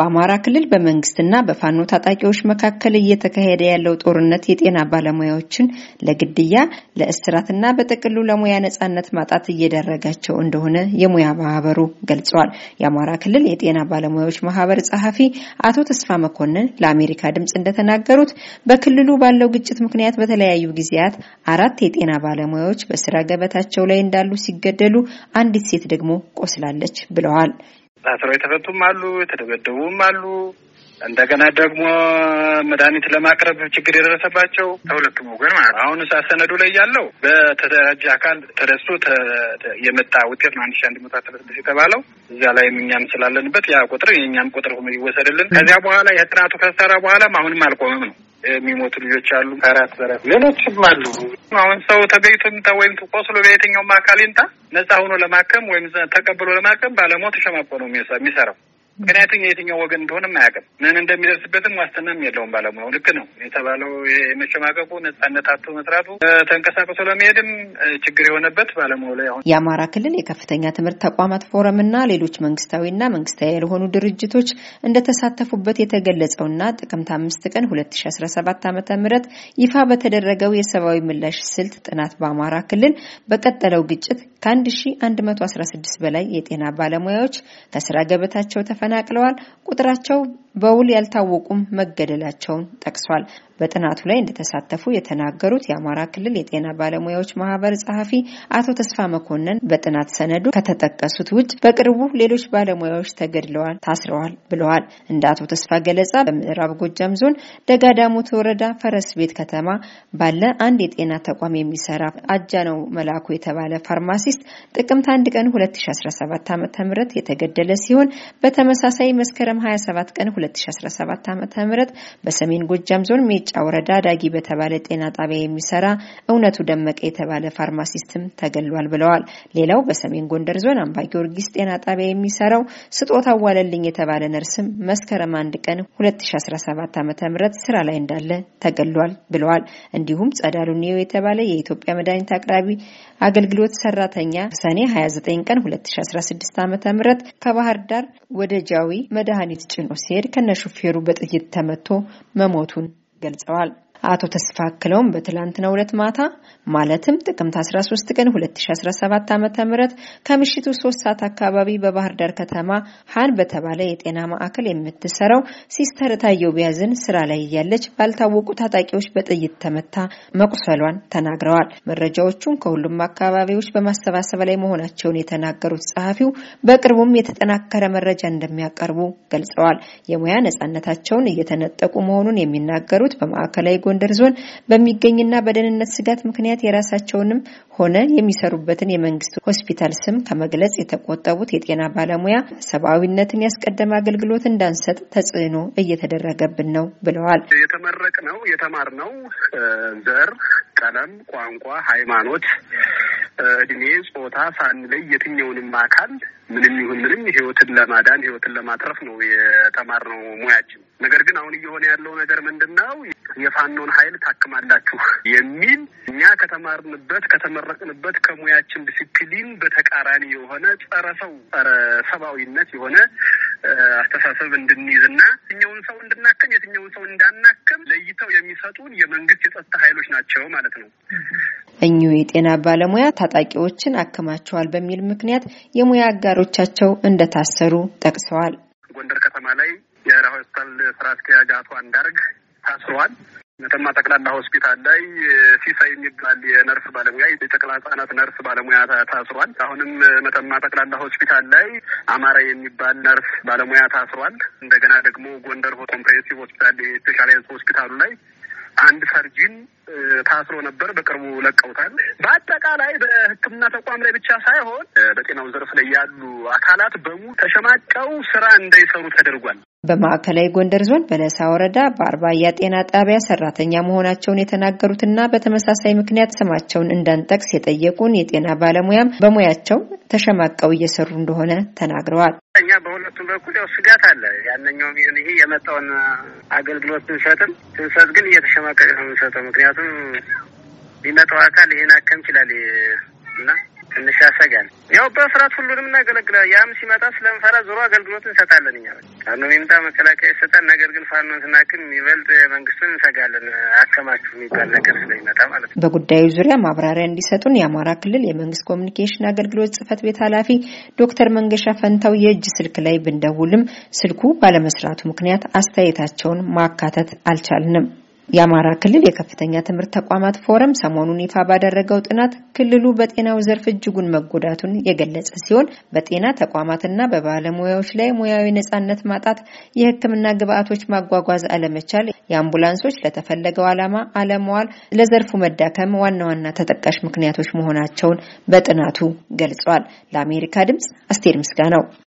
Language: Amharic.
በአማራ ክልል በመንግስትና በፋኖ ታጣቂዎች መካከል እየተካሄደ ያለው ጦርነት የጤና ባለሙያዎችን ለግድያ፣ ለእስራትና በጥቅሉ ለሙያ ነጻነት ማጣት እየደረጋቸው እንደሆነ የሙያ ማህበሩ ገልጸዋል። የአማራ ክልል የጤና ባለሙያዎች ማህበር ጸሐፊ አቶ ተስፋ መኮንን ለአሜሪካ ድምፅ እንደተናገሩት በክልሉ ባለው ግጭት ምክንያት በተለያዩ ጊዜያት አራት የጤና ባለሙያዎች በስራ ገበታቸው ላይ እንዳሉ ሲገደሉ አንዲት ሴት ደግሞ ቆስላለች ብለዋል። ታስረው የተፈቱም አሉ፣ የተደበደቡም አሉ። እንደገና ደግሞ መድኃኒት ለማቅረብ ችግር የደረሰባቸው ከሁለቱም ወገን ማለት ነው። አሁን እሳ ሰነዱ ላይ ያለው በተደራጀ አካል ተደስቶ የመጣ ውጤት ነው። አንድ ሺ አንድ መቶ አስራ የተባለው እዚያ ላይ እኛም ስላለንበት ያ ቁጥር የእኛም ቁጥር ሆኖ ይወሰድልን። ከዚያ በኋላ የጥናቱ ከሰራ በኋላም አሁንም አልቆምም ነው የሚሞቱ ልጆች አሉ። ከራት በረት ሌሎችም አሉ። አሁን ሰው ተገኝቶ ምታ ወይም ቆስሎ በየትኛውም አካል ይምጣ ነጻ ሆኖ ለማከም ወይም ተቀብሎ ለማከም ባለሞት ተሸማቆ ነው የሚሰራው። ምክንያቱም የትኛው ወገን እንደሆነም አያውቅም። ምን እንደሚደርስበትም ዋስትናም የለውም። ባለሙያው ልክ ነው የተባለው የመሸማቀቁ ነጻነት አቶ መስራቱ ተንቀሳቅሶ ለመሄድም ችግር የሆነበት ባለሙያው ላይ አሁን የአማራ ክልል የከፍተኛ ትምህርት ተቋማት ፎረምና ሌሎች መንግስታዊና መንግስታዊ ያልሆኑ ድርጅቶች እንደተሳተፉበት የተገለጸውና ጥቅምት አምስት ቀን ሁለት ሺ አስራ ሰባት ዓመተ ምህረት ይፋ በተደረገው የሰብአዊ ምላሽ ስልት ጥናት በአማራ ክልል በቀጠለው ግጭት ከአንድ ሺ አንድ መቶ አስራ ስድስት በላይ የጤና ባለሙያዎች ከስራ ገበታቸው ተፈ ተፈናቅለዋል፣ ቁጥራቸው በውል ያልታወቁም መገደላቸውን ጠቅሷል። በጥናቱ ላይ እንደተሳተፉ የተናገሩት የአማራ ክልል የጤና ባለሙያዎች ማህበር ጸሐፊ አቶ ተስፋ መኮንን በጥናት ሰነዱ ከተጠቀሱት ውጭ በቅርቡ ሌሎች ባለሙያዎች ተገድለዋል፣ ታስረዋል ብለዋል። እንደ አቶ ተስፋ ገለጻ በምዕራብ ጎጃም ዞን ደጋዳሞት ወረዳ ፈረስ ቤት ከተማ ባለ አንድ የጤና ተቋም የሚሰራ አጃ ነው መላኩ የተባለ ፋርማሲስት ጥቅምት አንድ ቀን 2017 ዓ.ም የተገደለ ሲሆን በተመሳሳይ መስከረም 27 ቀን 2017 ዓ.ም በሰሜን ጎጃም ዞን ግራጫ ወረዳ ዳጊ በተባለ ጤና ጣቢያ የሚሰራ እውነቱ ደመቀ የተባለ ፋርማሲስትም ተገሏል ብለዋል። ሌላው በሰሜን ጎንደር ዞን አምባ ጊዮርጊስ ጤና ጣቢያ የሚሰራው ስጦታ ዋለልኝ የተባለ ነርስም መስከረም አንድ ቀን 2017 ዓ ም ስራ ላይ እንዳለ ተገሏል ብለዋል። እንዲሁም ጸዳሉ ኒዮ የተባለ የኢትዮጵያ መድኃኒት አቅራቢ አገልግሎት ሰራተኛ ሰኔ 29 ቀን 2016 ዓ ም ከባህር ዳር ወደ ጃዊ መድኃኒት ጭኖ ሲሄድ ከነሹፌሩ በጥይት ተመቶ መሞቱን ገልጸዋል። አቶ ተስፋ አክለውም በትላንትናው ዕለት ማታ ማለትም ጥቅምት 13 ቀን 2017 ዓ.ም ከምሽቱ 3 ሰዓት አካባቢ በባህር ዳር ከተማ ሀን በተባለ የጤና ማዕከል የምትሰራው ሲስተር ታየው ቢያዝን ስራ ላይ እያለች ባልታወቁ ታጣቂዎች በጥይት ተመታ መቁሰሏን ተናግረዋል። መረጃዎቹን ከሁሉም አካባቢዎች በማሰባሰብ ላይ መሆናቸውን የተናገሩት ጸሐፊው በቅርቡም የተጠናከረ መረጃ እንደሚያቀርቡ ገልጸዋል። የሙያ ነጻነታቸውን እየተነጠቁ መሆኑን የሚናገሩት በማዕከላዊ ጎንደር ዞን በሚገኝና በደህንነት ስጋት ምክንያት የራሳቸውንም ሆነ የሚሰሩበትን የመንግስት ሆስፒታል ስም ከመግለጽ የተቆጠቡት የጤና ባለሙያ ሰብአዊነትን ያስቀደመ አገልግሎት እንዳንሰጥ ተጽዕኖ እየተደረገብን ነው ብለዋል። የተመረቅ ነው የተማር ነው ዘር ቀለም፣ ቋንቋ፣ ሃይማኖት፣ እድሜ፣ ጾታ ሳንለይ የትኛውንም አካል ምንም ይሁን ምንም ህይወትን ለማዳን ህይወትን ለማትረፍ ነው የተማርነው ሙያችን። ነገር ግን አሁን እየሆነ ያለው ነገር ምንድን ነው? የፋኖን ኃይል ታክማላችሁ የሚል እኛ ከተማርንበት ከተመረቅንበት ከሙያችን ዲሲፕሊን በተቃራኒ የሆነ ጸረ ሰው ጸረ ሰብአዊነት የሆነ አስተሳሰብ እንድንይዝና የትኛውን ሰው እንድናከም የትኛውን ሰው እንዳናከም ለይተው የሚሰጡን የመንግስት የጸጥታ ኃይሎች ናቸው ማለት ነው። እኚሁ የጤና ባለሙያ ታጣቂዎችን አክማቸዋል በሚል ምክንያት የሙያ አጋሮቻቸው እንደታሰሩ ጠቅሰዋል። ጎንደር ከተማ ላይ የራ ሆስፒታል ስራ አስኪያጅ አቶ አንዳርግ ታስረዋል። መተማ ጠቅላላ ሆስፒታል ላይ ሲሳይ የሚባል ነርስ ባለሙያ የጨቅላ ህጻናት ነርስ ባለሙያ ታስሯል። አሁንም መተማ ጠቅላላ ሆስፒታል ላይ አማራ የሚባል ነርስ ባለሙያ ታስሯል። እንደገና ደግሞ ጎንደር ኮምፕሬሄንሲቭ ሆስፒታል ስፔሻላይዝ ሆስፒታሉ ላይ አንድ ሰርጂን ታስሮ ነበር። በቅርቡ ለቀውታል። በአጠቃላይ በሕክምና ተቋም ላይ ብቻ ሳይሆን በጤናው ዘርፍ ላይ ያሉ አካላት በሙሉ ተሸማቀው ስራ እንዳይሰሩ ተደርጓል። በማዕከላዊ ጎንደር ዞን በለሳ ወረዳ በአርባያ ጤና ጣቢያ ሰራተኛ መሆናቸውን የተናገሩትና በተመሳሳይ ምክንያት ስማቸውን እንዳንጠቅስ የጠየቁን የጤና ባለሙያም በሙያቸው ተሸማቀው እየሰሩ እንደሆነ ተናግረዋል። እኛ በሁለቱም በኩል ያው ስጋት አለ። ያነኛውም ይሁን ይሄ የመጣውን አገልግሎት ብንሰጥም ስንሰጥ ግን እየተሸማቀቅ ነው የምንሰጠው። ምክንያቱም ምክንያቱም ሊመጣው አካል ይሄን አከም ይችላል እና ትንሽ ያሰጋል። ያው በፍርሃት ሁሉንም እናገለግለ ያም ሲመጣ ስለምፈራ ዞሮ አገልግሎት እንሰጣለን። እኛ ፋኖ የሚመጣ መከላከያ ይሰጣል። ነገር ግን ፋኖን ስናክም ይበልጥ መንግስቱን እንሰጋለን። አከማችሁ የሚባል ነገር ስለሚመጣ ማለት ነው። በጉዳዩ ዙሪያ ማብራሪያ እንዲሰጡን የአማራ ክልል የመንግስት ኮሚኒኬሽን አገልግሎት ጽህፈት ቤት ኃላፊ ዶክተር መንገሻ ፈንታው የእጅ ስልክ ላይ ብንደውልም ስልኩ ባለመስራቱ ምክንያት አስተያየታቸውን ማካተት አልቻልንም። የአማራ ክልል የከፍተኛ ትምህርት ተቋማት ፎረም ሰሞኑን ይፋ ባደረገው ጥናት ክልሉ በጤናው ዘርፍ እጅጉን መጎዳቱን የገለጸ ሲሆን በጤና ተቋማትና በባለሙያዎች ላይ ሙያዊ ነጻነት ማጣት፣ የሕክምና ግብአቶች ማጓጓዝ አለመቻል፣ የአምቡላንሶች ለተፈለገው ዓላማ አለመዋል ለዘርፉ መዳከም ዋና ዋና ተጠቃሽ ምክንያቶች መሆናቸውን በጥናቱ ገልጿል። ለአሜሪካ ድምጽ አስቴር ነው።